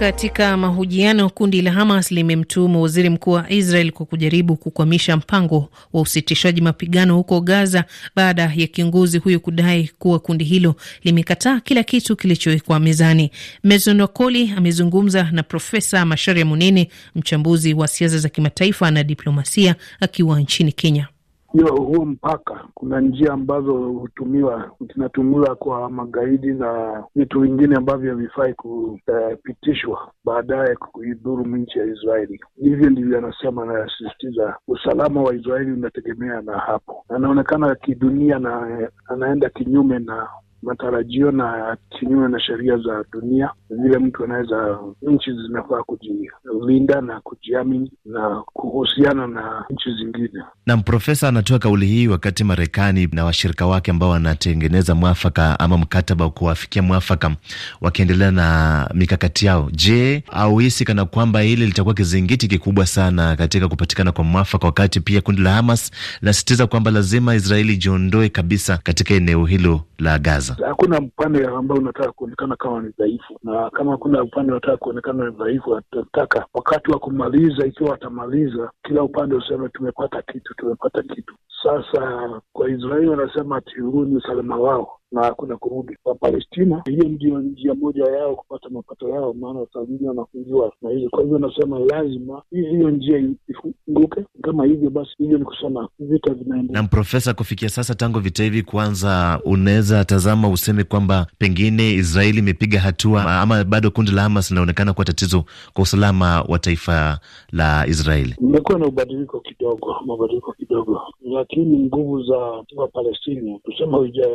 Katika mahojiano, kundi la Hamas limemtuhumu waziri mkuu wa Israel kwa kujaribu kukwamisha mpango wa usitishaji mapigano huko Gaza baada ya kiongozi huyo kudai kuwa kundi hilo limekataa kila kitu kilichowekwa mezani. Mezonokoli amezungumza na Profesa Masharia Munene, mchambuzi wa siasa za kimataifa na diplomasia, akiwa nchini Kenya hiyo huo mpaka, kuna njia ambazo hutumiwa zinatumiwa kwa magaidi na vitu vingine ambavyo havifai kupitishwa baadaye kuidhuru nchi ya Israeli. Hivyo ndivyo anasema, anasisitiza usalama wa Israeli unategemea na hapo. Anaonekana kidunia na eh, anaenda kinyume na matarajio na yatimiwe na sheria za dunia, vile mtu anaweza, nchi zinafaa kujilinda na kujiamini na kuhusiana na nchi zingine. Na Profesa anatoa kauli hii wakati Marekani na washirika wake ambao wanatengeneza mwafaka ama mkataba wa kuwafikia mwafaka wakiendelea na mikakati yao. Je, auhisi kana kwamba hili litakuwa kizingiti kikubwa sana katika kupatikana kwa mwafaka, wakati pia kundi la Hamas linasisitiza kwamba lazima Israeli ijiondoe kabisa katika eneo hilo la Gaza? kwanza. Hakuna upande ambao unataka kuonekana kama ni dhaifu, na kama hakuna upande unataka kuonekana ni dhaifu, atataka wakati wa kumaliza, ikiwa watamaliza, kila upande useme tumepata kitu, tumepata kitu. Sasa kwa Israeli wanasema ati huu ni usalama wao na kuna kurudi kwa Palestina. Hiyo ndio njia moja yao kupata mapato yao, maana saa zingine wanafungiwa na hiyo. Kwa hivyo nasema lazima hiyo njia ifunguke. Kama hivyo basi, hivyo ni kusema vita vinaendelea. Na Profesa, kufikia sasa tangu vita hivi kwanza, unaweza tazama useme kwamba pengine Israeli imepiga hatua ama bado kundi la Hamas linaonekana kuwa tatizo kwa usalama wa taifa la Israeli? Imekuwa na ubadiliko kidogo, mabadiliko kidogo, lakini nguvu za Palestina tusema huja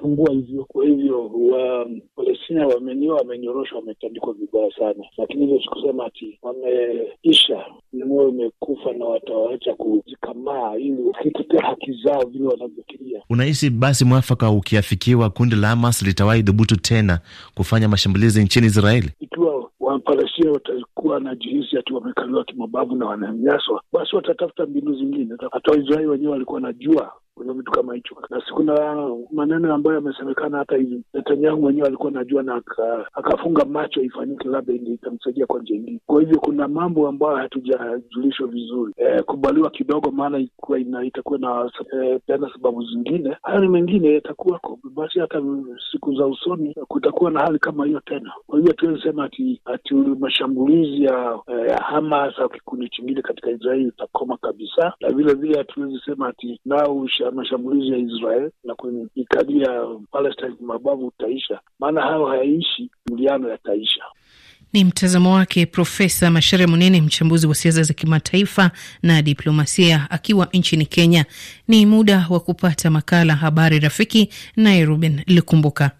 inapungua hivyo. Kwa hivyo Wapalestina wamenioa, wamenyoroshwa, wametandikwa vibaya sana, lakini hivyo sikusema ati wameisha, moyo imekufa na watawaacha kujikamaa ili wakitetea haki zao vile wanavyofikiria. Unahisi basi mwafaka ukiafikiwa, kundi la Hamas litawahi dhubutu tena kufanya mashambulizi nchini Israeli ikiwa Wapalestina watakuwa na jihisi ati wamekaliwa kimabavu na wananyanyaswa, basi watatafuta mbinu zingine. Hata Waisraeli wenyewe walikuwa wanajua kwenye vitu kama hicho, na si kuna maneno ambayo yamesemekana, hata hivi Netanyahu mwenyewe alikuwa anajua na akafunga macho ifanyike, labda itamsaidia kwa njia ingine. Kwa hivyo kuna mambo ambayo hatujajulishwa vizuri, e, kubaliwa kidogo, maana itakuwa na e, tena sababu zingine. Hayo ni mengine yatakuwako, basi hata siku za usoni kutakuwa na hali kama hiyo tena. Kwa hivyo tuwezi sema ati, ati mashambulizi ya, eh, ya Hamas au kikundi chingine katika Israeli itakoma kabisa, na vile vile hatuwezi sema ati nao usha mashambulizi ya Israel na ya Palestine mabavu utaisha, maana hayo hayaishi, mapigano yataisha. Ni mtazamo wake Profesa Mashere Munene, mchambuzi wa siasa za kimataifa na diplomasia, akiwa nchini Kenya. Ni muda wa kupata makala Habari Rafiki, naye Ruben Likumbuka.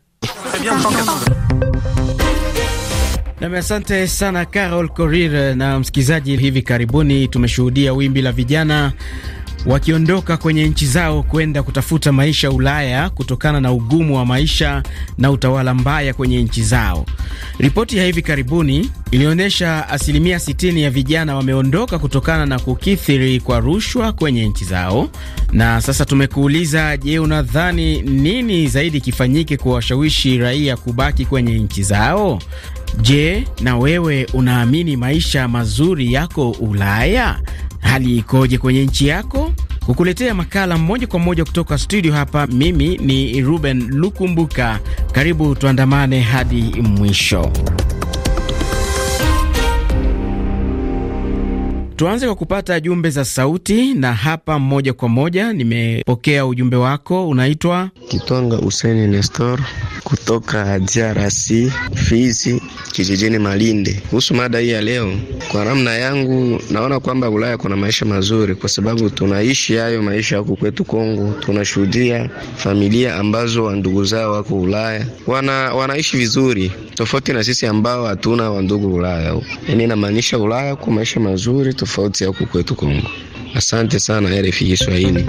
Nam, asante sana Carol Korir. Na msikilizaji, hivi karibuni tumeshuhudia wimbi la vijana wakiondoka kwenye nchi zao kwenda kutafuta maisha Ulaya kutokana na ugumu wa maisha na utawala mbaya kwenye nchi zao. Ripoti ya hivi karibuni ilionyesha asilimia 60 ya vijana wameondoka kutokana na kukithiri kwa rushwa kwenye nchi zao. Na sasa tumekuuliza, je, unadhani nini zaidi kifanyike kuwashawishi raia kubaki kwenye nchi zao? Je, na wewe unaamini maisha mazuri yako Ulaya? Hali ikoje kwenye nchi yako? kukuletea makala moja kwa moja kutoka studio hapa. Mimi ni Ruben Lukumbuka, karibu tuandamane hadi mwisho. Tuanze kwa kupata jumbe za sauti, na hapa moja kwa moja nimepokea ujumbe wako. Unaitwa Kitwanga Huseni Nestor kutoka DRC Fizi, kijijini Malinde. Kuhusu mada hii ya leo, kwa namna yangu naona kwamba Ulaya kuna maisha mazuri, kwa sababu tunaishi hayo maisha huku kwetu Kongo. Tunashuhudia familia ambazo wandugu zao wako Ulaya wana, wanaishi vizuri, tofauti na sisi ambao hatuna wandugu Ulaya. Yaani inamaanisha Ulaya kwa maisha mazuri tofauti tofauti ya huku kwetu Kongo. Asante sana RFI Kiswahili.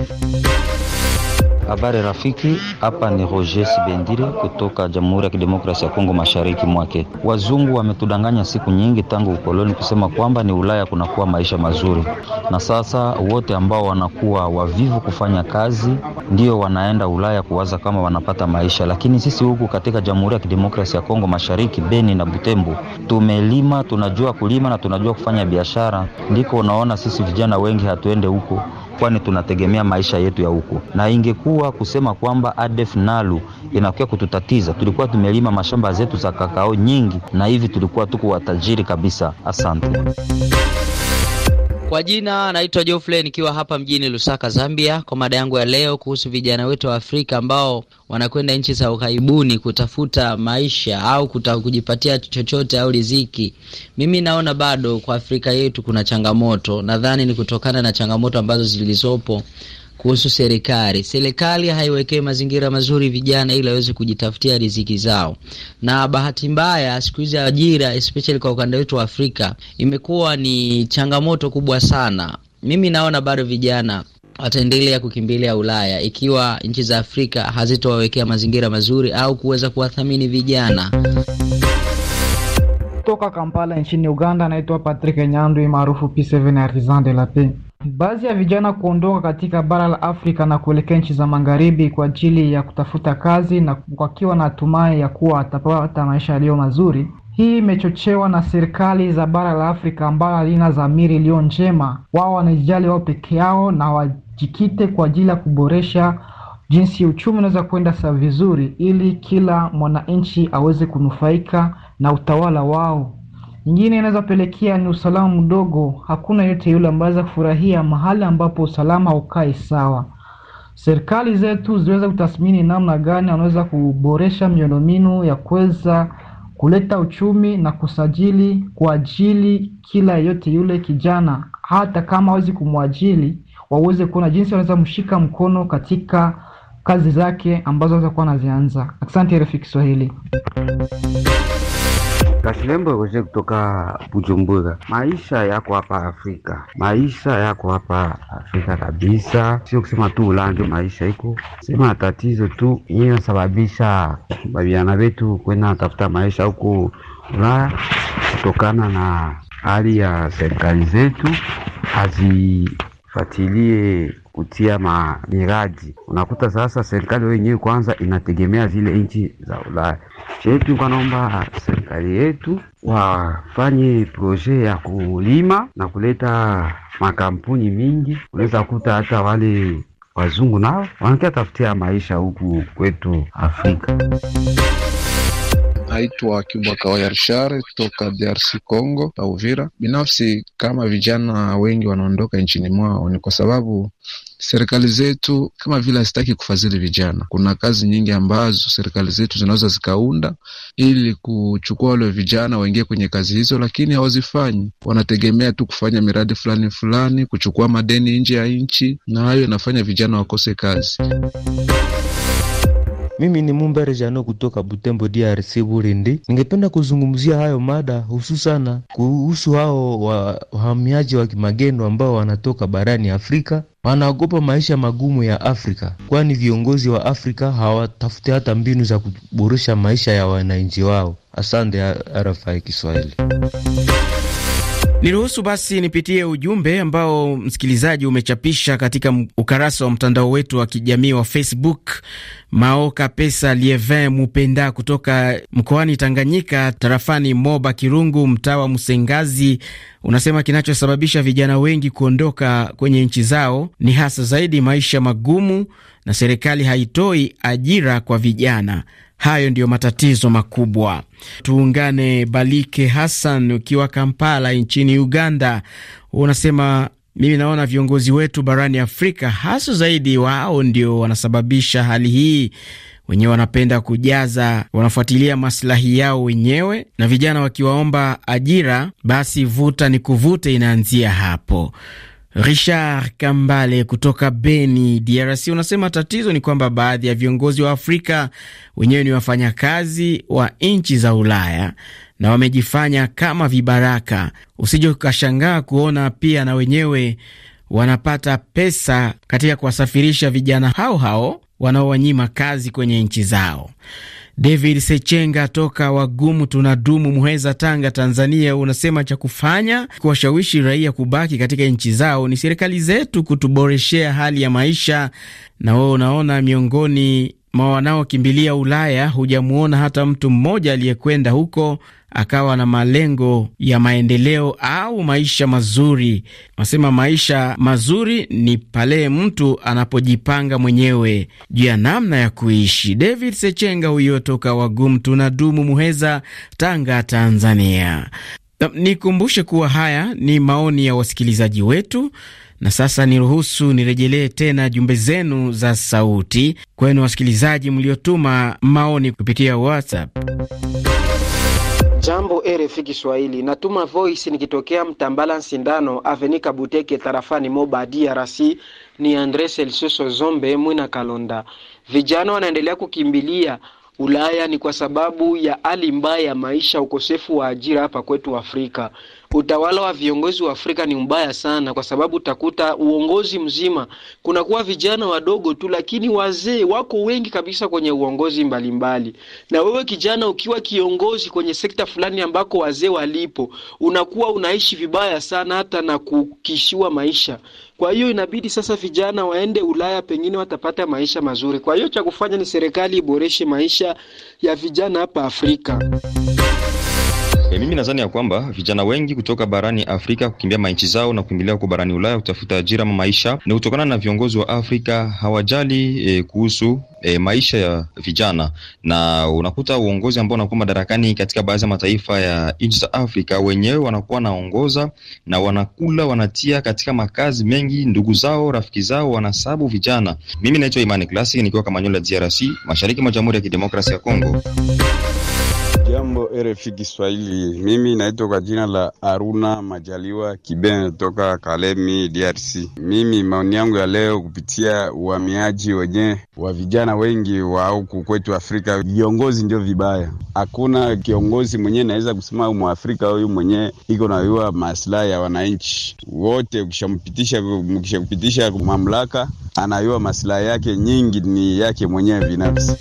Habari rafiki, hapa ni Roger Sibendire kutoka Jamhuri ya Kidemokrasia ya Kongo, mashariki mwake. Wazungu wametudanganya siku nyingi tangu ukoloni kusema kwamba ni Ulaya kunakuwa maisha mazuri, na sasa wote ambao wanakuwa wavivu kufanya kazi ndio wanaenda Ulaya kuwaza kama wanapata maisha, lakini sisi huku katika Jamhuri ya Kidemokrasia ya Kongo mashariki, Beni na Butembo, tumelima, tunajua kulima na tunajua kufanya biashara, ndiko unaona sisi vijana wengi hatuende huko kwani tunategemea maisha yetu ya huko. Na ingekuwa kusema kwamba ADF Nalu inakuwa kututatiza, tulikuwa tumelima mashamba zetu za kakao nyingi, na hivi tulikuwa tuko watajiri kabisa. Asante. Kwa jina naitwa jofle nikiwa hapa mjini Lusaka, Zambia, kwa mada yangu ya leo kuhusu vijana wetu wa Afrika ambao wanakwenda nchi za ughaibuni kutafuta maisha au kuta, kujipatia chochote au riziki. Mimi naona bado kwa Afrika yetu kuna changamoto, nadhani ni kutokana na changamoto ambazo zilizopo kuhusu serikali. Serikali haiwekei mazingira mazuri vijana ili waweze kujitafutia riziki zao, na bahati mbaya siku hizi ajira especially kwa ukanda wetu wa Afrika imekuwa ni changamoto kubwa sana. Mimi naona bado vijana wataendelea kukimbilia Ulaya ikiwa nchi za Afrika hazitowawekea mazingira mazuri au kuweza kuwathamini vijana. Kutoka Kampala nchini Uganda, anaitwa Patrick nyandwi maarufu P7 Artisan de la Paix. Baadhi ya vijana kuondoka katika bara la Afrika na kuelekea nchi za Magharibi kwa ajili ya kutafuta kazi na wakiwa na hatumai ya kuwa atapata maisha yaliyo mazuri. Hii imechochewa na serikali za bara la Afrika ambayo halina dhamiri iliyo njema. Wao wanajali wao peke yao na wajikite kwa ajili ya kuboresha jinsi uchumi unaweza kwenda sawa vizuri, ili kila mwananchi aweze kunufaika na utawala wao. Nyingine inawezapelekea ni usalama mdogo, hakuna yote yule ambaye kufurahia mahali ambapo usalama ukai sawa. Serikali zetu ziweze kutathmini namna gani wanaweza kuboresha miundombinu ya kuweza kuleta uchumi na kusajili kuajili kila yote yule kijana, hata kama hawezi kumwajili, waweze kuona jinsi wanaweza mshika mkono katika kazi zake ambazo anaweza kuwa anazianza. Asante rafiki Kiswahili. Kashilembo Roje kutoka Bujumbura. Maisha yako hapa Afrika, maisha yako hapa Afrika kabisa, sio kusema tu Ulandi. Maisha iko sema tatizo tu inasababisha babiana wetu kwenda tafuta maisha huko Ulaya kutokana na hali ya serikali zetu hazi fatilie kutia miradi Unakuta sasa serikali wenyewe kwanza inategemea zile nchi za Ulaya chetu. Naomba serikali yetu wafanye proje ya kulima na kuleta makampuni mingi. Unaweza kuta hata wale wazungu nao wanakia tafutia maisha huku kwetu Afrika. Naitwa Kibwaka Yarshare toka DRC Congo na Uvira. Binafsi, kama vijana wengi wanaondoka nchini mwao ni kwa sababu serikali zetu kama vile hazitaki kufadhili vijana. Kuna kazi nyingi ambazo serikali zetu zinaweza zikaunda ili kuchukua wale vijana waingie kwenye kazi hizo, lakini hawazifanyi. Wanategemea tu kufanya miradi fulani fulani, kuchukua madeni nje ya nchi, na hayo inafanya vijana wakose kazi. Mimi ni Mumba Rejano kutoka Butembo, DRC, Burundi. Ningependa kuzungumzia hayo mada hususana kuhusu hao wahamiaji wa kimagendo ambao wanatoka barani Afrika wanaogopa maisha magumu ya Afrika, kwani viongozi wa Afrika hawatafuti hata mbinu za kuboresha maisha ya wananchi wao. Asante RFI Kiswahili. Niruhusu basi nipitie ujumbe ambao msikilizaji umechapisha katika ukarasa wa mtandao wetu wa kijamii wa Facebook. Maoka Pesa Lievin Mupenda kutoka mkoani Tanganyika, tarafani Moba Kirungu, mtaa wa Msengazi, Unasema kinachosababisha vijana wengi kuondoka kwenye nchi zao ni hasa zaidi maisha magumu na serikali haitoi ajira kwa vijana. Hayo ndiyo matatizo makubwa. Tuungane Balike Hassan ukiwa Kampala nchini Uganda. Unasema mimi naona viongozi wetu barani Afrika hasa zaidi wao ndio wanasababisha hali hii wenyewe wanapenda kujaza, wanafuatilia masilahi yao wenyewe, na vijana wakiwaomba ajira, basi vuta ni kuvute inaanzia hapo. Richard Kambale kutoka Beni, DRC, unasema tatizo ni kwamba baadhi ya viongozi wa Afrika wenyewe ni wafanyakazi wa nchi za Ulaya na wamejifanya kama vibaraka. Usije ukashangaa kuona pia na wenyewe wanapata pesa katika kuwasafirisha vijana hao hao wanaowanyima kazi kwenye nchi zao. David Sechenga toka Wagumu Tunadumu, Muheza, Tanga, Tanzania, unasema cha kufanya kuwashawishi raia kubaki katika nchi zao ni serikali zetu kutuboreshea hali ya maisha. Na wewe unaona miongoni wanaokimbilia Ulaya hujamwona hata mtu mmoja aliyekwenda huko akawa na malengo ya maendeleo au maisha mazuri. Nasema maisha mazuri ni pale mtu anapojipanga mwenyewe juu ya namna ya kuishi. David Sechenga huyo toka Wagumtu na Dumu, Muheza, Tanga, Tanzania. Nikumbushe kuwa haya ni maoni ya wasikilizaji wetu na sasa niruhusu nirejelee tena jumbe zenu za sauti kwenu wasikilizaji mliotuma maoni kupitia WhatsApp. Jambo RFI Kiswahili, natuma voice nikitokea Mtambala Sindano Avenika Buteke tarafani Moba DRC. Ni Andre Selsuso Zombe Mwina Kalonda. Vijana wanaendelea kukimbilia Ulaya ni kwa sababu ya hali mbaya ya maisha, ukosefu wa ajira hapa kwetu Afrika utawala wa viongozi wa Afrika ni mbaya sana, kwa sababu utakuta uongozi mzima kunakuwa vijana wadogo tu, lakini wazee wako wengi kabisa kwenye uongozi mbalimbali mbali. Na wewe kijana ukiwa kiongozi kwenye sekta fulani ambako wazee walipo, unakuwa unaishi vibaya sana, hata na kukishiwa maisha. Kwa hiyo inabidi sasa vijana waende Ulaya, pengine watapata maisha mazuri. Kwa hiyo cha kufanya ni serikali iboreshe maisha ya vijana hapa Afrika. E, mimi nadhani ya kwamba vijana wengi kutoka barani Afrika kukimbia manchi zao na kukimbilia huko barani Ulaya kutafuta ajira ama maisha ni kutokana na viongozi wa Afrika hawajali e, kuhusu e, maisha ya vijana, na unakuta uongozi ambao unakuwa madarakani katika baadhi ya mataifa ya nchi za Afrika, wenyewe wanakuwa wanaongoza na wanakula wanatia katika makazi mengi ndugu zao rafiki zao wanasabu vijana. Mimi naitwa Imani Classic nikiwa Kamanyola, DRC, mashariki mwa Jamhuri ya Kidemokrasia ya Kongo. Jambo RFI Kiswahili, mimi naitwa kwa jina la Aruna Majaliwa kiben toka Kalemi, DRC. Mimi maoni yangu ya leo kupitia uhamiaji wenye wa vijana wengi wa huku kwetu Afrika, viongozi ndio vibaya. Hakuna kiongozi mwenyewe naweza kusema Afrika huyu mwenyewe iko nayua maslahi ya wananchi wote. Ukishampitisha, ukishampitisha mamlaka, anayua maslahi yake nyingi ni yake mwenyewe binafsi.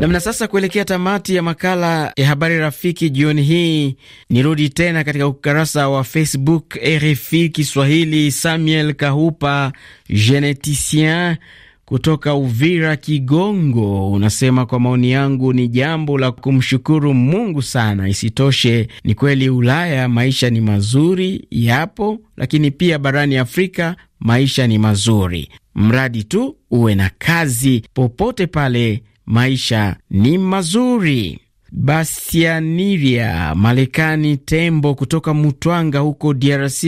Namna sasa, kuelekea tamati ya makala ya habari rafiki jioni hii, nirudi tena katika ukurasa wa Facebook RFI Kiswahili. Samuel Kahupa geneticien kutoka Uvira Kigongo unasema kwa maoni yangu ni jambo la kumshukuru Mungu sana. Isitoshe, ni kweli Ulaya maisha ni mazuri yapo, lakini pia barani Afrika maisha ni mazuri, mradi tu uwe na kazi popote pale maisha ni mazuri. basianiria Marekani, tembo kutoka Mutwanga huko DRC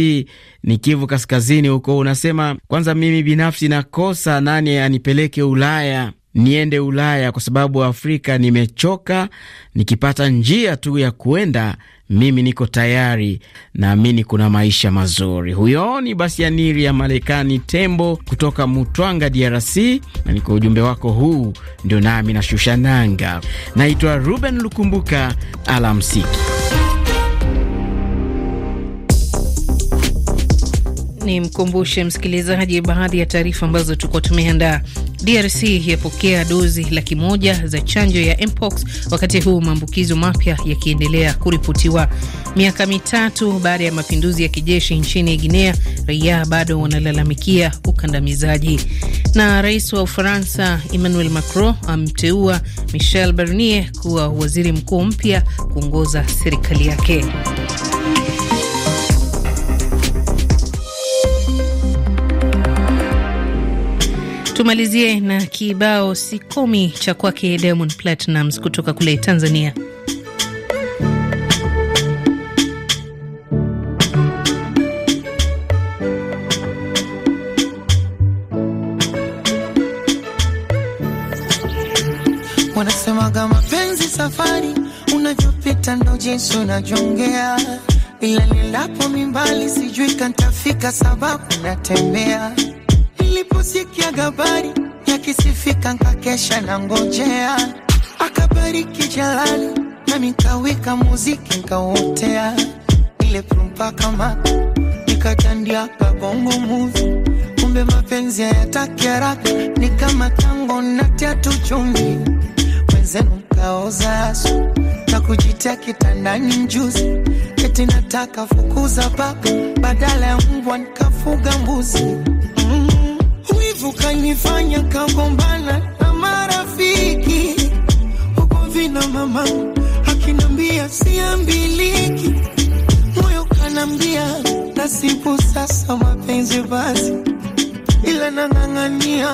ni Kivu Kaskazini huko, unasema kwanza, mimi binafsi nakosa nani anipeleke Ulaya niende Ulaya kwa sababu Afrika nimechoka, nikipata njia tu ya kuenda mimi niko tayari, naamini kuna maisha mazuri. Huyo ni basi ya Marekani, tembo kutoka Mutwanga, DRC, na ni kwa ujumbe wako huu ndio nami nashusha nanga. Naitwa Ruben Lukumbuka, alamsiki. Ni mkumbushe msikilizaji baadhi ya taarifa ambazo tulikuwa tumeandaa. DRC yapokea dozi laki moja za chanjo ya mpox, wakati huu maambukizo mapya yakiendelea kuripotiwa. Miaka mitatu baada ya mapinduzi ya kijeshi nchini Guinea, raia bado wanalalamikia ukandamizaji. Na rais wa Ufaransa Emmanuel Macron amteua Michel Barnier kuwa waziri mkuu mpya kuongoza serikali yake. Tumalizie na kibao sikomi cha kwake Diamond Platnumz kutoka kule Tanzania. Wanasemaga mapenzi safari, unavyopita ndo jinsi unajongea, ila nilapo mimbali sijui kantafika, sababu natembea Niliposikia habari yakisifika, nkakesha na ngojea, akabariki Jalali na mikawika muziki nkauotea, ile prumpa kama nikatandia kabongo muvi, kumbe mapenzi hayataki haraka, ni kama tango na tatu chumvi, wenzenu mkaoza asu na kujitia kitandani mjuzi, eti nataka fukuza paka badala ya mbwa nikafuga mbuzi ukanifanya kagombana na marafiki ugomvi na mama akinambia siambiliki, moyo kanambia nasibu sasa mapenzi basi, ila nang'ang'ania,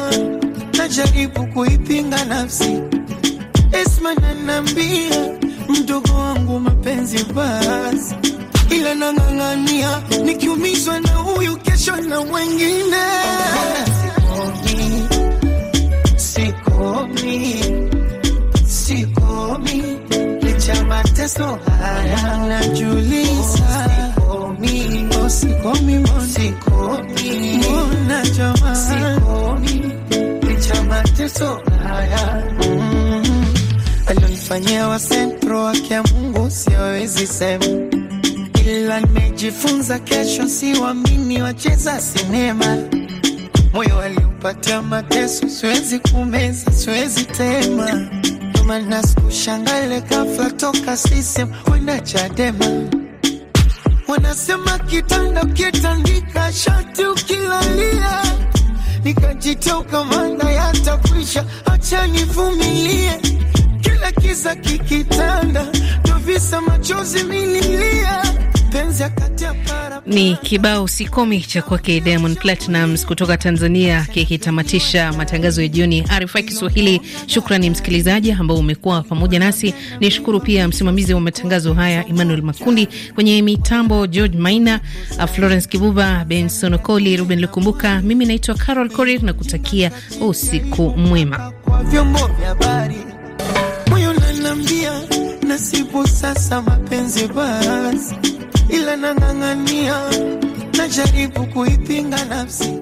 najaribu kuipinga nafsi. Esma nanambia mdogo wangu mapenzi basi, ila nang'ang'ania, nikiumizwa na huyu kesho na wengine sikomi, sikomi, licha mateso haya najuliza, sikomi, sikomi, mbona jamaa, sikomi, licha mateso haya mm-hmm. alionifanyia wa wake Mungu siwezi sema, ila nimejifunza kesho si wamini wacheza sinema moyo wali kupata mateso, siwezi kumeza, siwezi tema. Kushangaile ghafla toka sisem kwenda Chadema, wanasema kitanda ukitandika shati ukilalia, nikajitoka manda yatakwisha, acha nivumilie. Kila kiza kikitanda, ndo visa machozi mililia ni kibao sikomi cha kwake Diamond Platnumz kutoka Tanzania kikitamatisha matangazo ya jioni RFI Kiswahili. Shukrani msikilizaji ambao umekuwa pamoja nasi. Nishukuru pia msimamizi wa matangazo haya Emmanuel Makundi, kwenye mitambo George Maina, uh, Florence Kibuba, Benson Okoli, Ruben Lukumbuka. Mimi naitwa Carol Korir na kutakia usiku mwema. nasipo sasa mapenzi basi ila nang'ang'ania, najaribu kuipinga nafsi